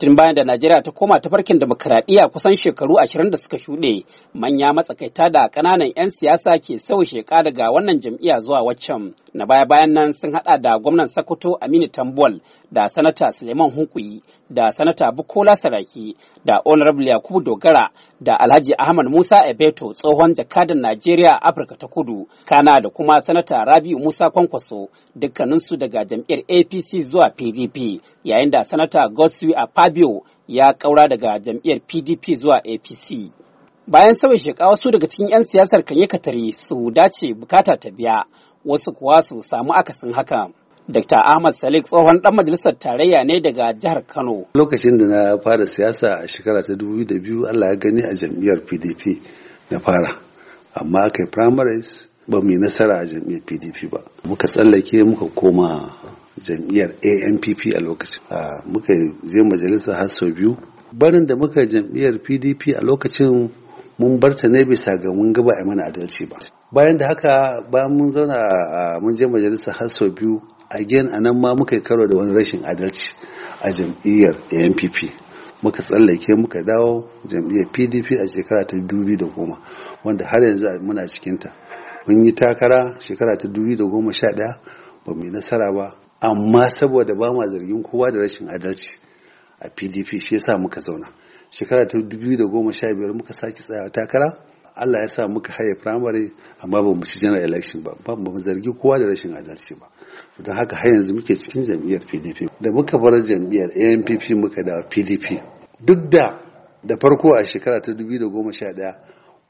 tun bayan da najeriya ta koma ta farkin demokaradiyya kusan shekaru ashirin da suka shuɗe manya matsakaita da ƙananan 'yan siyasa ke sau sheka daga wannan jam'iyya zuwa waccan na baya bayan nan sun haɗa da gwamnan sokoto aminu tambol da sanata suleiman hunkuyi da sanata bukola saraki da honorable yakubu dogara da alhaji ahmad musa ebeto tsohon jakadan najeriya a afirka ta kudu kana da kuma sanata rabiu musa kwankwaso dukkaninsu daga jam'iyyar apc zuwa pdp yayin da sanata godswill a fabio ya kaura daga jam'iyyar pdp zuwa apc bayan sauyi sheka wasu daga cikin 'yan siyasar kan katari su dace bukata ta biya wasu kuwa su samu akasin haka Dr. Ahmad Salik tsohon dan majalisar tarayya ne daga jihar Kano. Lokacin da na fara siyasa a shekara ta 2002 Allah ya gani a jam'iyyar PDP na fara. Amma aka yi primaries ba mu yi nasara a jam'iyyar PDP ba. Muka tsallake muka koma jam'iyyar ANPP a lokacin. Muka je majalisa har sau biyu. Barin da muka jam'iyyar PDP a lokacin mun barta ta ne bisa ga mun gaba a mana adalci ba. Bayan da haka bayan mun zauna mun je majalisa har sau biyu again a nan ma muka yi karo da wani rashin adalci a jam'iyyar ampp muka tsallake muka dawo jam'iyyar PDP a shekara ta dubi da goma wanda har yanzu muna cikinta mun yi takara shekara ta dubi da goma sha ɗaya ba mu yi nasara ba amma saboda ba ma zargin kowa da rashin adalci a PDP shi yasa muka zauna shekara ta dubi da goma sha biyar muka sake tsayawa takara Allah ya sa muka haye firamare amma ba mu ci general election ba ba mu zargi kowa da rashin adalci ba don haka har yanzu muke cikin jam'iyyar PDP da muka bar jam'iyyar ANPP muka da PDP duk da da farko a shekara ta 2011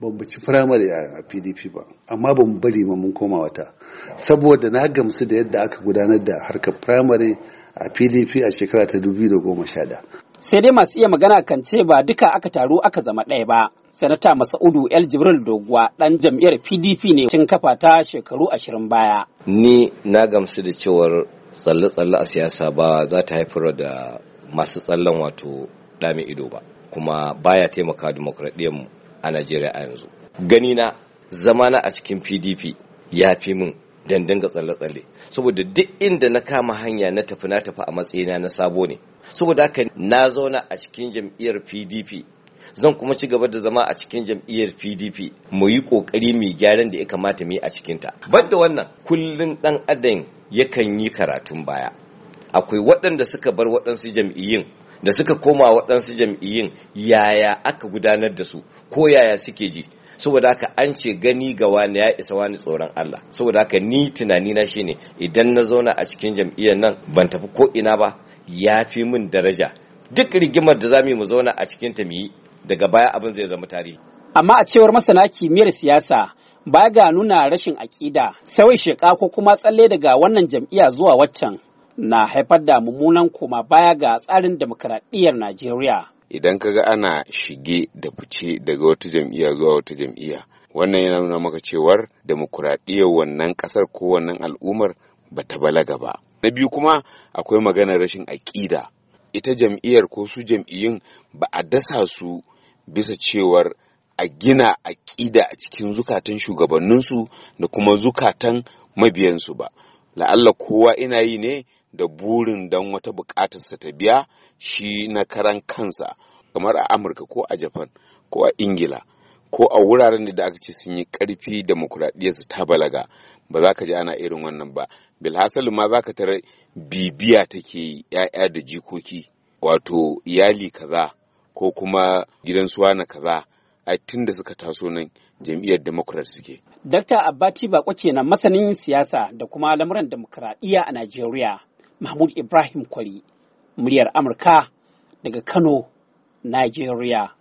ban mu ci primary a PDP ba amma ban bari ma mun koma wata saboda na gamsu da yadda aka gudanar da harkar firamare a PDP a shekara ta 2011 sai dai masu iya magana kan ce ba duka aka taru aka zama ɗaya ba Sanata Masaudu El Jibril Doguwa ɗan jam'iyyar PDP ne cin kafa ta shekaru ashirin baya. Ni na gamsu da cewar tsalle-tsalle a siyasa ba za ta haifar da masu tsallen wato dami ido ba kuma baya taimaka mu a Najeriya a yanzu. Gani na zamana a cikin PDP ya fi min dandanga tsalle-tsalle saboda duk inda na kama hanya na tafi na tafi a matsayina na sabo ne saboda haka na zauna a cikin jam'iyyar PDP zan kuma ci gaba da zama a cikin jam'iyyar PDP mu yi kokari mai gyaran da ya kamata mu yi a cikin ta da wannan kullun dan adam yakan yi karatun baya akwai waɗanda suka bar waɗansu jam'iyyun da suka koma waɗansu jam'iyyun yaya aka gudanar da su ko yaya suke ji saboda haka an ce gani ga wani ya isa wani tsoron Allah saboda haka ni tunani na shine idan na zauna a cikin jam'iyyar nan ban tafi ko ina ba ya fi min daraja duk rigimar da zamu mu zauna a cikin ta mu yi daga baya abin zai zama tarihi amma a cewar masana kimiyyar siyasa ba ga nuna rashin aƙida sauyi sheƙa ko kuma tsalle daga wannan jam'iyya zuwa waccan na haifar da mummunan koma baya ga tsarin demokaradiyyar najeriya idan ka ga ana shige da fice daga wata jam'iyya zuwa wata jam'iyya wannan yana nuna maka cewar demokuraɗiyyar wannan ƙasar ko wannan al'ummar ba ta balaga ba na biyu kuma akwai maganar rashin aƙida ita jam'iyyar ko su jam'iyyun ba a dasa su bisa cewar a gina aƙida a cikin zukatan shugabanninsu da kuma zukatan mabiyansu ba la'alla kowa ina yi ne da burin don wata buƙatarsa ta biya shi na karan kansa kamar a amurka ko a japan ko a ingila ko a wuraren da aka ce sun yi karfi su ta balaga ba za ka ji ana irin wannan ba Bilhassan ma za ka tara bibiya take yi ‘ya'ya da jikoki wato iyali kaza ko kuma gidan suwana kaza a tun da suka taso nan jam'iyyar democrat suke. Dakta Abbati Bako kenan masanin siyasa da kuma lamuran demokuraɗiyya a Najeriya Mahmud Ibrahim Kwari muryar Amurka daga Kano, Najeriya.